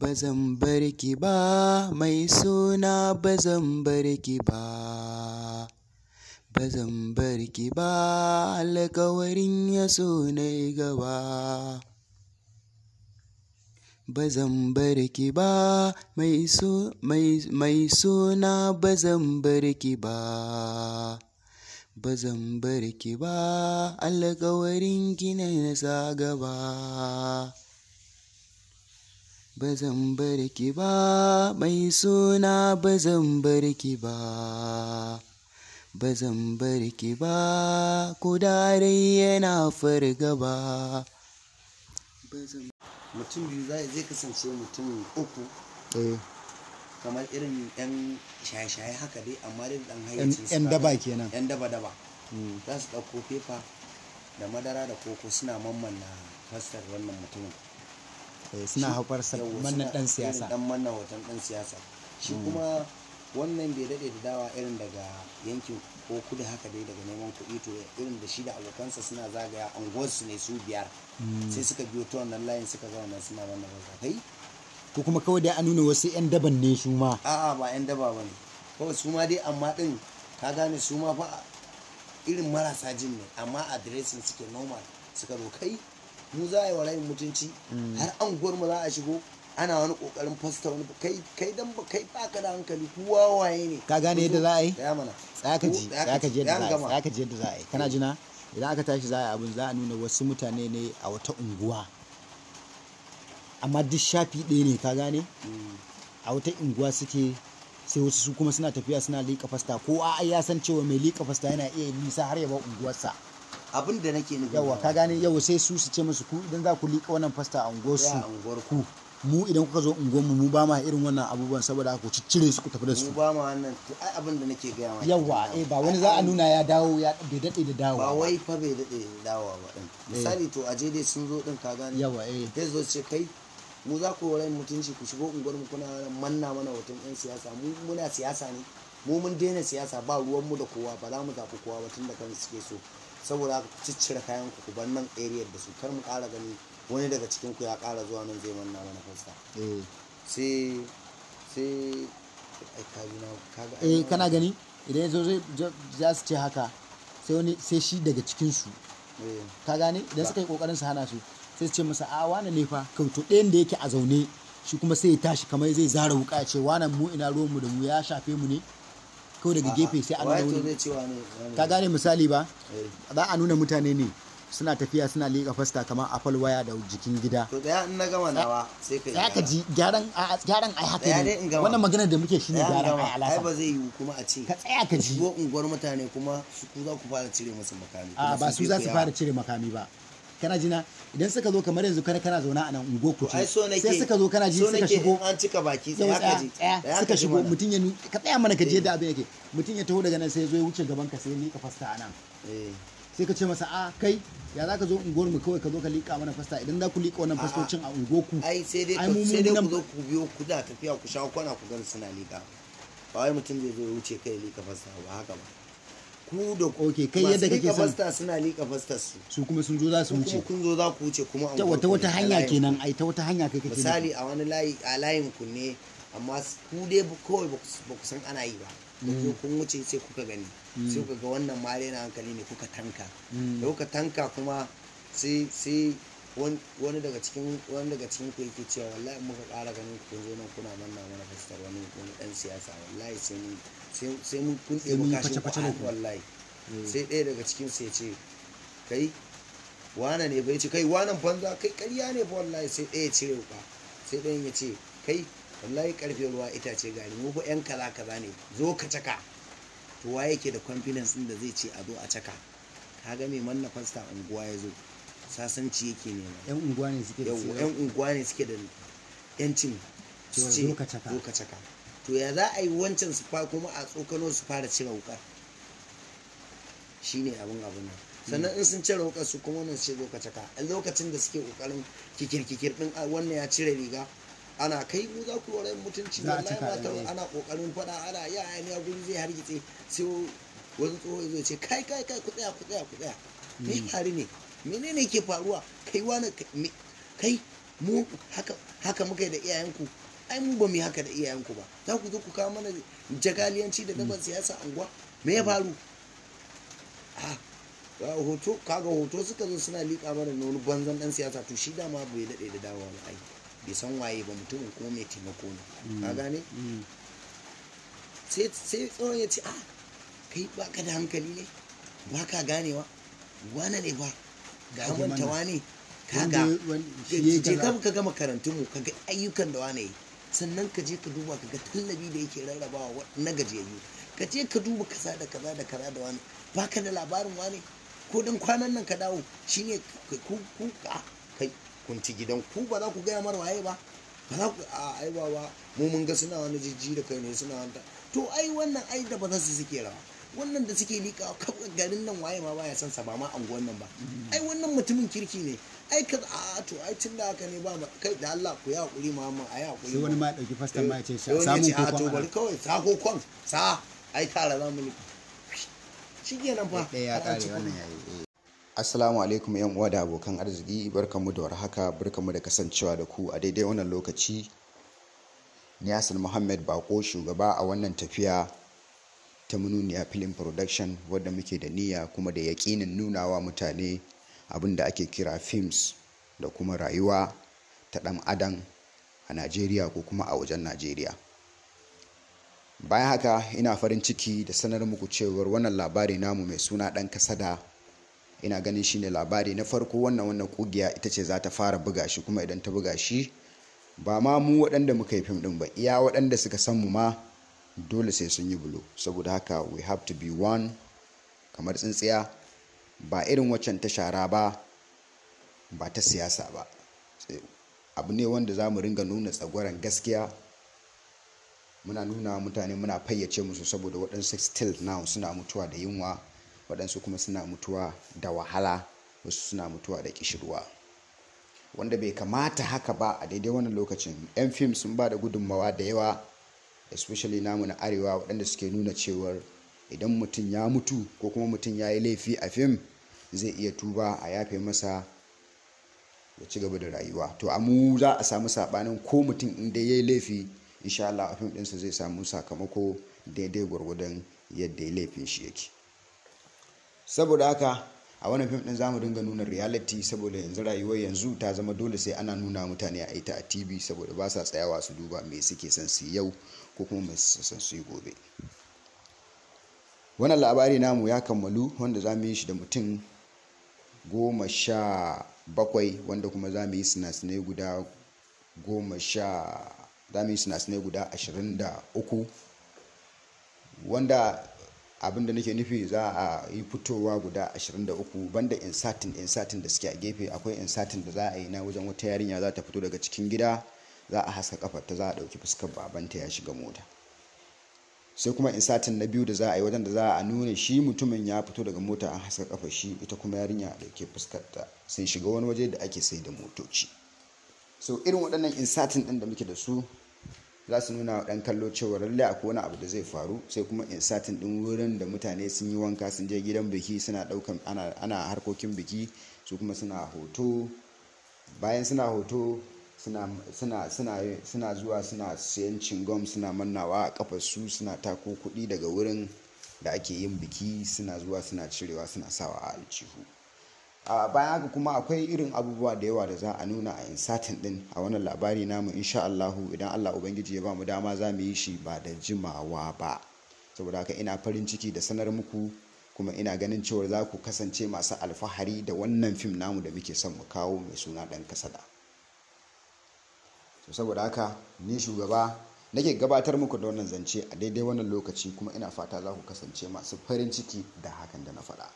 bazan bar ki ba mai suna bazan bar ki ba bazan bar ki ba alƙawarin ya so na gaba bazan bar ki ba mai suna bazan bar ki ba bazan bar ki ba alƙawarin gina na sa gaba Bazan barki bar ki ba mai suna bazan barki bar ki ba bazan barki bar ki ba ko dare yana fargaba mutum biyu zai kasance mutum uku eh. kamar irin yan shaye-shaye haka dai amma dai dan hayyacin yan daba kenan yan daba daba hmm. za su ɗauko fefa da madara da koko suna mamman na fastar wannan mutumin Eh, suna haifar mannan dan siyasa dan mannan wajen dan siyasa shi hmm. kuma wannan bai daɗe da dawa irin daga yankin ko kudu haka dai daga neman kuɗi to irin da shi da abokansa suna zagaya anguwarsu ne su biyar hmm. sai suka biyo ta wannan layin suka ga wannan suna wannan kai to kuma kawai dai an nuna wasu 'yan daban ne su ma a'a ba 'yan daba ba ne kawai su ma dai amma din ka gane su ma fa irin marasa jin ne amma adiresin suke noma suka zo kai mu za a yi wa rayin mutunci mm. har anguwar mu za a shigo ana wani kokarin fasta wani kai kai dan kai baka da hankali kuwa waye ne ka gane yadda za a yi ya mana tsaka ji tsaka ji yadda za a yi tsaka ji yadda za a yi kana jina idan aka tashi za a yi abin za a nuna wasu mutane ne a wata unguwa amma duk shafi ɗaya ne ka gane mm. a wata unguwa suke sai wasu su kuma suna tafiya suna liƙa fasta ko a'a ya san cewa mai liƙa fasta yana iya nisa har ya ba unguwarsa abin da nake nufi yawa ka gane yau sai su su ce musu ku idan za ku liƙa wannan fasta a unguwar su ku mu idan kuka zo unguwar mu mu ba ma irin wannan abubuwan saboda ku ciccire su ku tafi da su mu ba ma wannan ai abin da nake gaya ma yawa eh ba wani za a nuna ya dawo ya bai dade da dawo ba wai fa bai dade da dawo ba din eh. misali to aje dai sun zo din ka gane yawa eh dai zo ce kai mu za ku rai mutunci ku shigo unguwar mu kuna manna mana hoton yan siyasa mu muna siyasa ne mu mun daina siyasa ba ruwan mu da kowa ba za mu zafi kowa ba tun da kan suke so saboda haka ku ciccire kayan ku ku bar nan area da su kar mu kara gani wani daga cikin ku ya kara zuwa nan zai manna mana fasta eh. sai sai eh kana gani idan yazo zai za su ce haka sai wani sai shi daga cikin su eh. ka gane idan suka yi kokarin su hana su sai su ce masa a wani ne fa kautu ɗayan da yake a zaune shi kuma sai ya tashi kamar zai zara wuka ya ce wani mu ina ruwanmu da mu ya shafe mu ne kawai daga gefe sai an nuna wani ka gane misali ba eh. za a nuna mutane ne suna tafiya suna leƙa fasta kamar apple waya da jikin gida to da in na gama nawa sai ka ya ka ji gyaran gyaran ai haka ne wannan magana da muke shine gyaran ai alasa ai ba zai yi kuma a ce ka tsaya ka ji ko unguwar mutane kuma su ku za ku fara cire musu makami a ba su za su fara cire makami ba kana jina idan suka zo kamar yanzu kana kana zauna a nan ungo ku sai suka zo kana ji suka shigo an cika baki sai haka ji suka shigo mutun ya ka tsaya mana ka ji yadda eh. abin yake mutun ya taho daga nan sai ya zo ya wuce gaban ka sai ya mika fasta a nan eh. sai ka ce masa a ah, kai ya za ka zo unguwar mu kawai ka zo ka lika mana fasta idan za ku lika wannan fastocin a unguwarku ai sai dai ku sai dai ku zo ku biyo ku da tafiya ku shawo kwana ku gani suna lika ba wai mutum zai zo ya wuce kai lika fasta ba haka ba ku da koke kai yadda kake son fasta suna liƙa fasta su su kuma sun zo za su wuce kun zo za ku wuce kuma ta wata wata hanya kenan ai ta wata hanya kai kake misali a wani layi a layin ku ne amma ku dai kawai ba ku san ana yi ba da mm. kun wuce sai kuka gani mm. sai kuka ga wannan ma na hankali ne kuka tanka mm. da kuka tanka kuma sai sai wani daga cikin wani daga cikin ku yake cewa wallahi muka ƙara ganin ku zo nan kuna manna mana fasta wani wani dan siyasa wallahi sai mun sai mun kun ɗebi kashin ku wallahi mm. sai ɗaya daga cikin sai ce kai wane ne bai ce kai wanan banza kai karya ne ba wallahi sai ɗaya ce ba sai ɗayan ya ce kai wallahi karfe ruwa itace gari mu ba yan kaza kaza ne zo ka caka to wa yake da confidence din da zai ce a zo a caka kaga mai manna fasta unguwa ya zo sasanci yake ma yan unguwa ne suke da yan unguwa ne suke da yancin su ce zo ka caka to ya za a yi wancan su fa kuma a tsokano su fara cire wukar shine abin abin nan sannan in sun cire wukar su kuma wannan ce zo ka a lokacin da suke kokarin kikir kikir din wannan ya cire riga ana kai mu za ku warai mutunci wallahi ba ta ana kokarin fada ana ya ya guri zai hargitse sai wani tsoho zai ce kai kai kai ku tsaya ku tsaya ku tsaya hmm. me fari ne menene ke faruwa kai wani kai mu haka muka yi da iyayenku ai mu ba mu yi haka da iyayenku ba za ku zo ku kawo mana jagaliyanci da gaban siyasa anguwa me ya faru hoto kaga hoto suka zo suna liƙa mana na wani banzan ɗan siyasa to shi dama bai daɗe da dawowa ba ai bai san waye ba mutumin ko mai taimako ne ka mm. gane mm. sai tsoron ya ce a kai ba ka da hankali ne ba ka ganewa wane ne ba ga mantawa ne kaga je ka gama karantunmu kaga ayyukan da wane yi sannan ka je ka duba ka ga tallabi da yake rarrabawa na gajiyayyu ka je ka duba kaza da kaza da kaza da wani baka da labarin wani ko dan kwanan nan ka dawo shine ku ku kai kun ci gidan ku ba za ku gaya mara waye ba ba za ku a aiwawa mu mun ga suna wani jijji da kai ne suna wanta to ai wannan ai da ba za su suke rawa wannan da suke liƙa garin nan waye ma baya son sa ba ma anguwan nan ba mm-hmm. ai wannan mutumin kirki ne ai ka a to ai tun da haka ne ba kai da Allah ku ya hakuri mamman ai hakuri sai wani ma dauki fastan ma ya ce samu ko to bari kawai sa ko kon sa ai tara za mu shikenan fa ya kare wannan yayi eh. Assalamu alaikum yan uwa da abokan arziki barkamu da warhaka barkamu da kasancewa da ku a daidai wannan lokaci ni Niyasir Muhammad Bako shugaba a wannan tafiya ta mununiya film production wadda muke da niyya kuma da yaƙinin nunawa mutane abin da ake kira films da kuma rayuwa ta dan adam a najeriya ko kuma a wajen najeriya bayan haka ina farin ciki da sanar muku cewar wannan labari namu mai suna dan kasada ina ganin shine labari na farko wannan wannan kugiya ita ce za ta fara buga shi kuma idan ta buga shi ba ma mu waɗanda muka yi fim ɗin ba iya waɗanda suka san mu ma dole sai sun yi bulo saboda haka we have to be one kamar tsintsiya ba irin waccan ta shara ba ba ta siyasa ba eh, abu ne wanda za mu ringa nuna tsagwaron gaskiya muna nuna mutane muna fayyace musu saboda waɗansu still now suna mutuwa da yunwa waɗansu kuma suna mutuwa da wahala wasu suna mutuwa da kishirwa wanda bai kamata haka ba a daidai wannan lokacin 'yan fim sun ba da gudunmawa da yawa especially namu na arewa waɗanda suke nuna cewar idan mutum ya mutu ko kuma mutum ya yi laifi a fim zai iya tuba a yafe masa ya ci gaba da rayuwa to a mu za a samu sabanin ko mutum inda ya yi laifi insha Allah a fim zai samu sakamako daidai gwargwadon yadda ya laifin shi yake saboda haka a wannan fim din zamu dinga nuna reality saboda yanzu rayuwar yanzu ta zama dole sai ana nuna mutane a ita a tv saboda ba sa tsayawa su duba me suke son su yau ko kuma me suke son su gobe wannan labari namu ya kammalu wanda zamu yi shi da mutum goma sha bakwai wanda kuma za mu yi sinasinai guda ashirin da uku wanda abinda nake nufi za a yi fitowa guda 23 banda insatin insatin da suke a gefe akwai insatin da za a yi na wajen wata yarinya za ta fito daga cikin gida za a haska kafarta za a dauki fuskar babanta ya shiga mota sai kuma insatin na biyu da za a yi wajen da za a nuna shi mutumin ya fito daga mota an haska kafa shi ita kuma yarinya da ke fuskarta sun shiga wani waje da ake sai da motoci so irin waɗannan insatin ɗin da muke da su za su nuna wa ɗan kallo cewa lallai akwai wani abu da zai faru sai kuma insatin ɗin wurin da mutane sun yi wanka sun je gidan biki suna ɗaukan ana harkokin biki su kuma suna hoto bayan suna hoto suna zuwa suna sayan cingom suna mannawa a kafarsu suna tako kuɗi daga wurin da ake yin biki suna zuwa suna cirewa suna sawa a aljihu a bayan haka kuma akwai irin abubuwa da yawa da za a nuna a insatin din a wannan labari namu insha Allahu idan Allah ubangiji ya ba mu dama za mu yi shi ba da jimawa ba saboda haka ina farin ciki da sanar muku kuma ina ganin cewa za ku kasance masu alfahari da wannan fim namu da muke son mu kawo mai suna dan kasada to saboda haka ni shugaba nake gabatar muku da wannan zance a daidai wannan lokaci kuma ina fata za ku kasance masu farin ciki da hakan da na faɗa